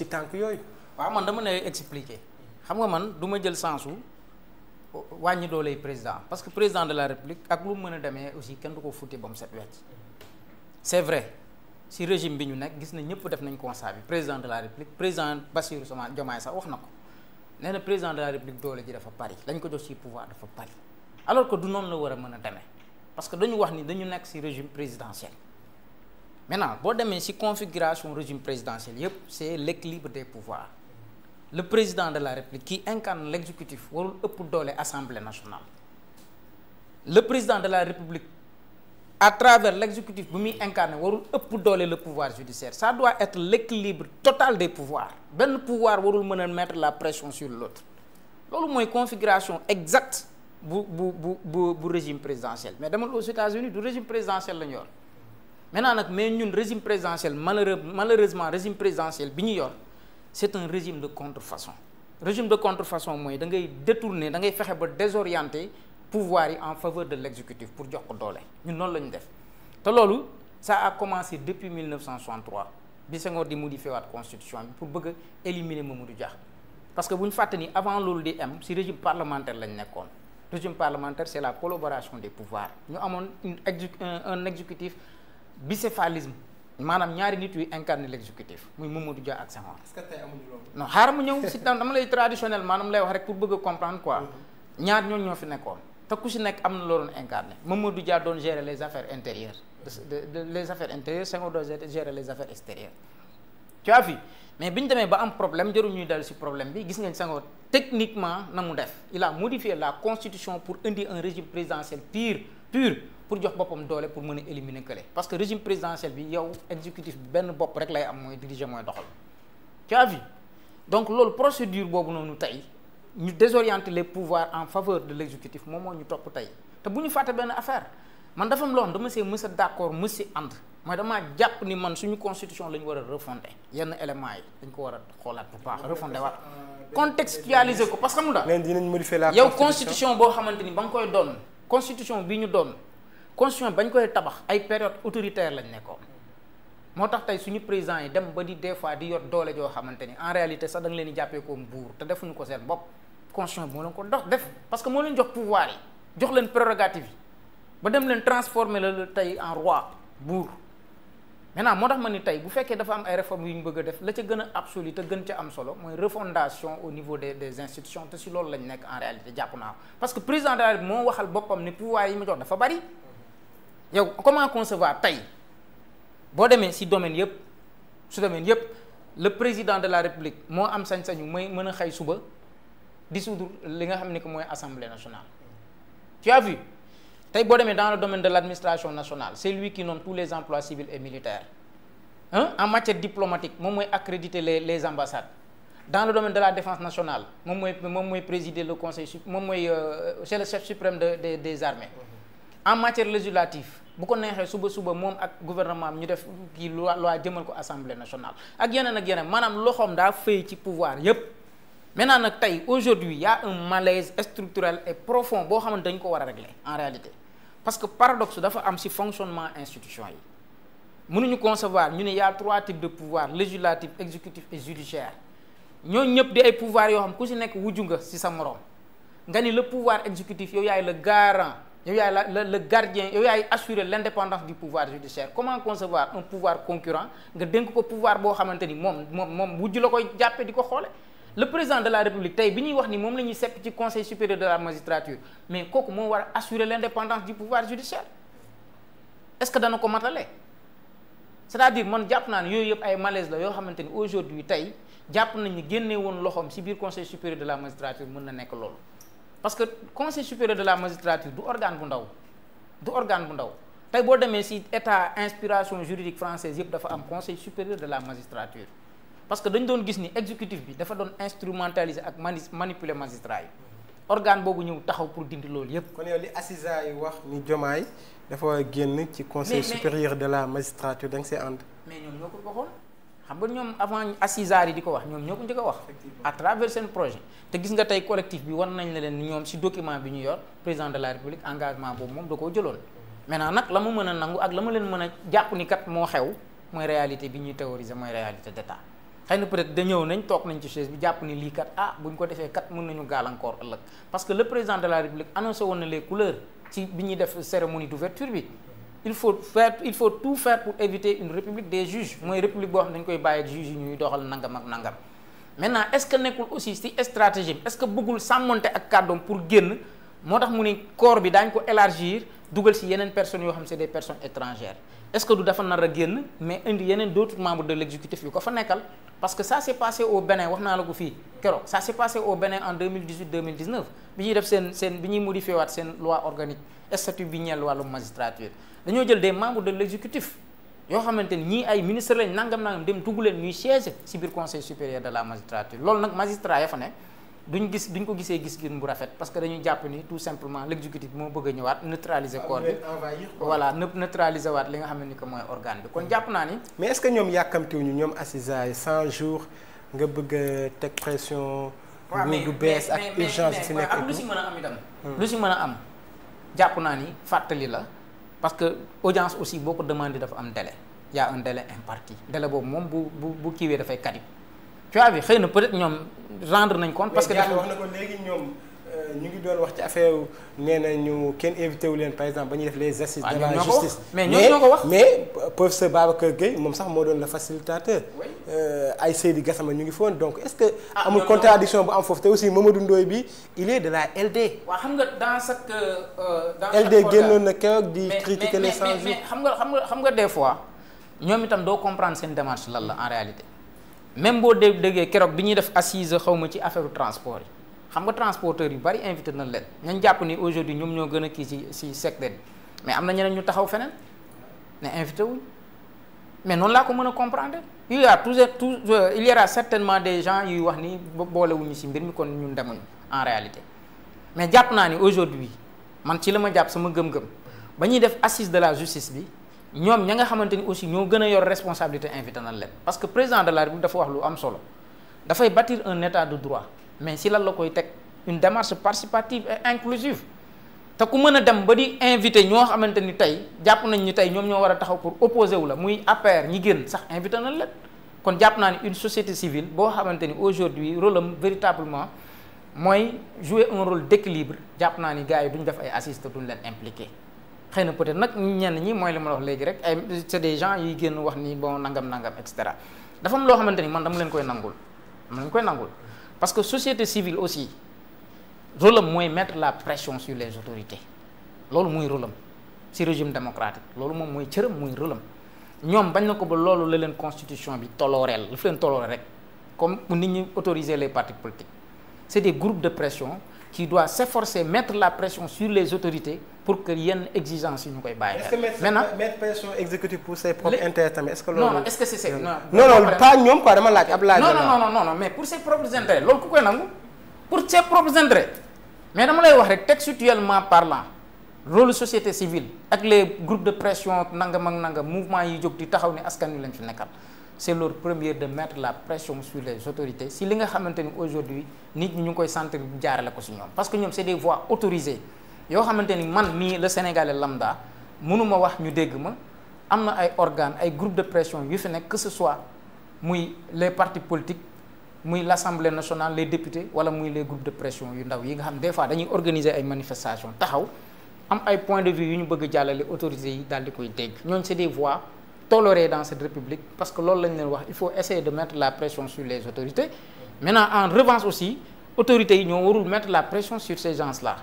ci tànk yooyu. waaw man dama ne expliquer xam nga man du ma jël sensu wàññi dooley président parce que président de la république ak lu mën a demee aussi kenn du ko futti ba mu set wecc c'est vrai si régime bi ñu nekk gis na ñëpp def nañ constat bi président de la république président Bassirou Sama Diomaye sax wax na ko nee na président de la république doole ji dafa bari dañ ko jox ci pouvoir dafa bari alors que du noonu la war a mën a deme parce que dañu wax ni dañu nekk si régime présidentiel. maintenant boo demee ci configuration régime présidentiel yépp c'est l'équilibre des pouvoirs le président de la république qui incarne l'exécutif warul ëpp doole assemblée nationale le président de la république à travers l'exécutif bu muy incarné warul ëpp doole le pouvoir judiciaire ça doit être l'équilibre total des pouvoirs benn pouvoir warul mën a mettre la pression sur l'autre loolu mooy configuration exacte bu bu bu bu bu régime présidentiel mais demal aux États-Unis du régime la ñu maintenant nag mais ñun régime présidentiel malheureux malheureusement régime présidentiel bi ñu yor c'est un régime de contrefaçon régime de contrefaçon mooy da ngay détourner da ngay fexe ba désorienter pouvoir yi en faveur de l'exécutif pour jox ko doole ñun noonu la ñu def te loolu ça a commencé depuis 1963 bi Senghor di modifier waat constitution bi pour bëgg a éliminer Mamadou Dia parce que bu ñu fàtte ni avant loolu di am ci régime parlementaire lañ nekkoon régime parlementaire c'est la collaboration des pouvoirs ñu amoon une un exécutif bicéphalisme maanaam ñaari nit yu incarné l'exécutif muy Mamadou Dia ak Senghor. est-ce que mu ñëw si dama lay traditionnel maanaam lay wax rek pour bëgg a comprendre quoi mm-hmm. ñaar ñooñu ñoo fi nekkoon te ku si nekk am na loo doon incarné Mamadou Dia doon gérer les affaires intérieures de les affaires intérieures Senghor doon gérer les affaires extérieures. tu mais bi ñu demee ba am problème jarul ñuy dal si problème bi gis ngeen Senghor techniquement na mu def il a la constitution pour indi un régime présidentiel pour jox boppam doole pour mën a éliminer kële parce que régime présidentiel bi yow exécutif benn bopp rek lay am mooy diriger mooy doxal tu donc loolu procédure boobu noonu tey ñu désorienter les pouvoirs en faveur de l' exécutif moom moo ñu topp tey te bu ñu fàtte benn affaire man dafa am loo xam dama see mës a d' accord mës si ànd mooy damaa jàpp ni man suñu constitution la ñu war a refonder yenn éléments yi dañ ko war a xoolaat bu baax refonder waat contextualiser ko parce que xam nga yow constitution boo xamante ni ba nga koy doon constitution bi ñu doon constitution bañ koy tabax ay période autoritaire lañ nekkoon moo tax tey suñu président yi dem ba di des fois di yor doole joo xamante ni en réalité sax da leen di jàppee koom buur te defuñu ko seen bopp constitution bi moo leen ko dox def parce que moo leen jox pouvoir yi jox leen prérogative yi ba dem leen transformer la tey en roi buur maintenant moo tax ma ni tey bu fekkee dafa am ay réformes yu ñu bëgg a def la ca gën a absolu te gën ca am solo mooy refondation au niveau des des institutions si loolu la République moo waxal boppam dafa bari yow comment concevoir tey boo demee si domaine yëpp su domaine yëpp le président de la république moo am sañ-sañu may mën a xëy suba dissoudre li nga xam ne que mooy assemblée nationale. tu as vu tey boo demee dans le domaine de l' administration nationale c'est lui qui nomme tous les emplois civils et militaires hein en matière diplomatique moom mooy accréditer les les ambassades. dans le domaine de la défense nationale moom mooy moom mooy présider le conseil su moom mooy euh, c'est le des des armées. en matière législative bu ko neexee suba suba moom ak gouvernement am ñu def kii loi loi jëmal ko assemblée nationale ak yeneen ak yeneen maanaam loxoom daa fëy ci pouvoir yépp maintenant nag tey aujourd'hui y a un malaise structurel et profond boo xamante dañ ko war a régler en réalité parce que paradox dafa am si fonctionnement institution yi mënuñu concevoir ñu ne yaa a trois types de pouvoir législatif exécutif et judiciaire ñooñu ñëpp di ay pouvoir yoo xam ku ci nekk wujju nga ci sa moroom nga ni le pouvoir exécutif yow yaay le garant yow yaay la le le gardien yow yaay assurer l'indépendance du pouvoir judiciaire comment concevoir un pouvoir concurrent nga dénk ko pouvoir boo xamante ni moom moom moom wujj la koy jàppe di ko xoole le président de la république tey bi ñuy wax ni moom la ñuy sepp ci conseil supérieur de la magistrature mais kooku moo war a assurer l'indépendance du pouvoir judiciaire est-ce que dana ko matale c'est-à-dire man jàpp naa ne yooyu yëpp ay malaise la yoo xamante ni aujourd'hui tey jàpp nañu génne woon loxoom ci biir conseil supérieur de la magistrature mën na nekk loolu parce que conseil supérieur de la magistrature du organe bu ndaw du organe bu ndaw tey boo demee si état inspiration juridique française yëpp dafa am conseil supérieur de la magistrature parce que dañ doon gis ni exécutif bi dafa doon instrumentaliser ak mani manipuler magistrat yi organe boobu ñëw taxaw pour dindi loolu yëpp. kon yow li assisa yi wax ni Diomaye dafa génn ci conseil supérieur de la magistrature da nga see ànd. mais ñoom ñoo ko xam nga ñoom avant assises yi di ko wax ñoom ñoo ko njëkk a wax. à travers seen projet. te gis nga tey collectif bi war nañ la leen ñoom si document bi ñu yor président de la république engagement boobu moom da koo jëloon. maintenant nag la mu mën a nangu ak la ma leen mën a jàpp ni kat moo xew mooy réalité bi ñuy théoriser mooy réalité d'état xëy na peut-être da ñëw nañ toog nañ ci chaise bi jàpp ni lii kat ah bu ñu ko defee kat mën nañu gàllankoor ëllëg parce que le président de la république annoncé woon na les couleurs ci bi bi. il faut faire il faut tout faire pour éviter une république des juges mooy république boo xam dañ koy bàyyi juges yi ñuy doxal nangam ak nangam maintenant est-ce que nekkul aussi ci stratégie bi est-ce que bëggul sàmmonte ak kàddoom pour génn moo tax mu ni corps bi daañ ko élargir dugal ci yeneen personnes yoo xam c'est des personnes étrangères est du dafa nar a génn mais indi yeneen d'autres membres de l'exécutif yu ko fa nekkal parce que ça s'est passé au Bénin wax naa la ko fii keroog ça s'est passé au en 2018 2019 statut bi ñeel wàllu magistrature dañoo jël des membres de l' exécutif yoo xamante ñii ay ministre lañ nangam nangam dem dugg leen ñuy siège ci biir conseil supérieur de la magistrature loolu nag magistrat ya duñ gis duñ ko gisee gis gin bu rafet parce que dañuy jàpp ni tout simplement l' exécutif moo bëgg a ñëwaat neutraliser corps bi voilà waat li nga xam ne que mooy organe bi kon jàpp naa ni mais est ce que ñoom yàkkamtiwuñu ñoom assisa yi 100 jours nga bëgg a teg pression. bees ak urgence si si am itam hmm. a jàpp naa ni fàttali la parce que audience aussi boo ko demandé dafa am délai y a un délai imparti boobu moom bu bu bu kiiwee dafay kadib tu vois bi xëy na peut-être ñoom rendre nañ compte. parce que dafa wax na ko léegi ñoom. Euh, ñu ngi doon wax ci affaire nee na ñu kenn invité wu leen par exemple ba ñu def les assises ah, de la justice mais ko wax mais moom sax moo doon le facilitateur euh, ay Seydi Gassama ñu ngi foon donc est-ce que ah, amul contradiction bu am aussi Mamadou Ndoye bi de la LD xam nga dans chaque euh, LD génnoon na keroog di critiquer les 100 jours xam nga xam xam nga des fois ñoom itam doo comprendre seen démarche lan la en même boo dé déggee keroog bi ñuy def assise xaw ma ci affaire transport yi xam nga transporteurs yu bari invité nañ leen ñañ jàpp ni aujourd'hui ñoom ñoo gën a kii ci ci secteur bi mais am na ñu taxaw feneen ne invité wuñ mais noonu laa ko mën a comprendre il y a toujours toujours il des gens yuy wax ni boolewuñu ci mbir mi kon ñun demuñu en réalité mais jàpp naa ni aujourd'hui man ci la ma jàpp sama gëm-gëm ñuy def assise de la justice bi ñoom ña nga xamante ni aussi ñoo gën a yor responsabilité invité nañ leen parce que président de la République dafa wax lu am solo dafay bâtir un état de droit mais si lan la koy teg une démarche participative et inclusive te ku mën a dem ba di invité ñoo xamante ni tey jàpp nañ ñi tey ñoom ñoo war a taxaw pour opposer wu la muy APR ñi génn sax invité nañ leen kon jàpp naa ni une société civile boo xamante ni aujourd'hui rôle am véritablement mooy jouer un rôle d'équilibre jàpp naa ni gars yi duñ def ay assiste duñ leen impliqué xëy na peut-être nag ñenn ñi mooy li ma wax léegi rek ay c'est des gens yi génn wax ni bon nangam nangam et cetera dafa loo xamante ni man dama leen koy nangul dama leen koy nangul parce que société civile aussi rôle mooy mettre la pression sur les autorités loolu muy rôle am ci régime démocratique loolu moom mooy cëram muy rôle ñoom bañ na ko ba loolu la leen constitution bi tolooreel la fu leen tolooreel rek comme nit ñi autoriser les partis politiques c'est des groupes de pression qui doit s'efforcer mettre la pression sur les autorités pour que yenn exigence yi ñu koy bàyyi. maintenant est-ce que mettre pression exécutive pour ses propres intérêts tamit est-ce que loolu. non est-ce que c'est non non pas ñoom quoi dama laaj ab laaj. mais pour ses propres intérêts loolu ku koy nangu pour ses propres intérêts mais dama lay wax rek textuellement parlant rôle société civile ak les groupe de pression nanga ak nangam mouvement yi jóg di taxaw ni askan wi lañ fi nekkal. c'est leur première de mettre la pression sur les autorités si li nga xamante ni aujourd'hui nit ñi ñu ngi koy sentir jaarale ko si ñoom parce que ñoom c'est des voies autorisées yoo xamante ni man mii le sénégalais lambda mënuma wax ñu dégg ma am na ay organe ay groupes de pression yu fi nekk que ce soit muy les partis politiques muy l'Assemblée nationale les députés wala muy les groupes de pression yu ndaw yi nga xam des fois dañuy organiser ay manifestations taxaw am ay points de vue ñu bëgg jàllale autorités yi daal di koy dégg ñooñu c'est des voies toléré dans cette république parce que loolu lañ leen wax il faut essayer de mettre la pression sur les autorités maintenant en revanche aussi autorités yi ñoo warul mettre la pression sur ces gens là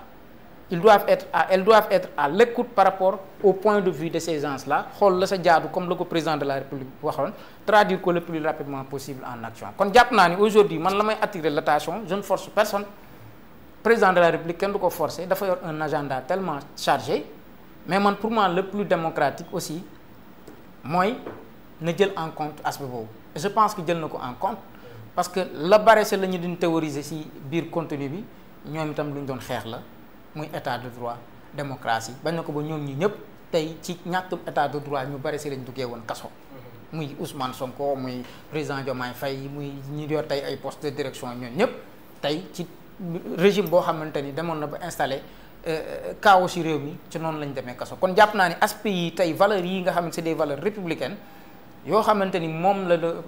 ils doivent être à elles doivent être à l'écoute par rapport au point de vue de ces gens là xool la sa jaadu comme la ko président de la république waxoon traduire ko le plus rapidement possible en action kon jàpp naa ni aujourd'hui man la may attirer l'attention je ne ko forcer dafa yor un agenda tellement chargé mais man pour moi le plus démocratique aussi mooy na jël en compte aspect boobu je pense que jël na ko en compte parce que la barese la ñu doon théoriser ci biir contenu bi ñoom itam lu ñu doon xeex la muy état de droit démocratie bañ na ko ba ñoom ñi ñëpp tey ci ñàkkum état de droit ñu barese lañ duggee woon kaso muy Ousmane Sonko muy président Diomaye Faye muy ñi yor tey ay poste de direction ñoom ñëpp tey ci régime boo xamante ni demoon na ba installé chaos euh, ci réew mi ci noonu lañ demee kaso kon jàpp naa ne aspect yi tey valeurs yi nga xam ne c'est des valeurs yoo xamante ni moom la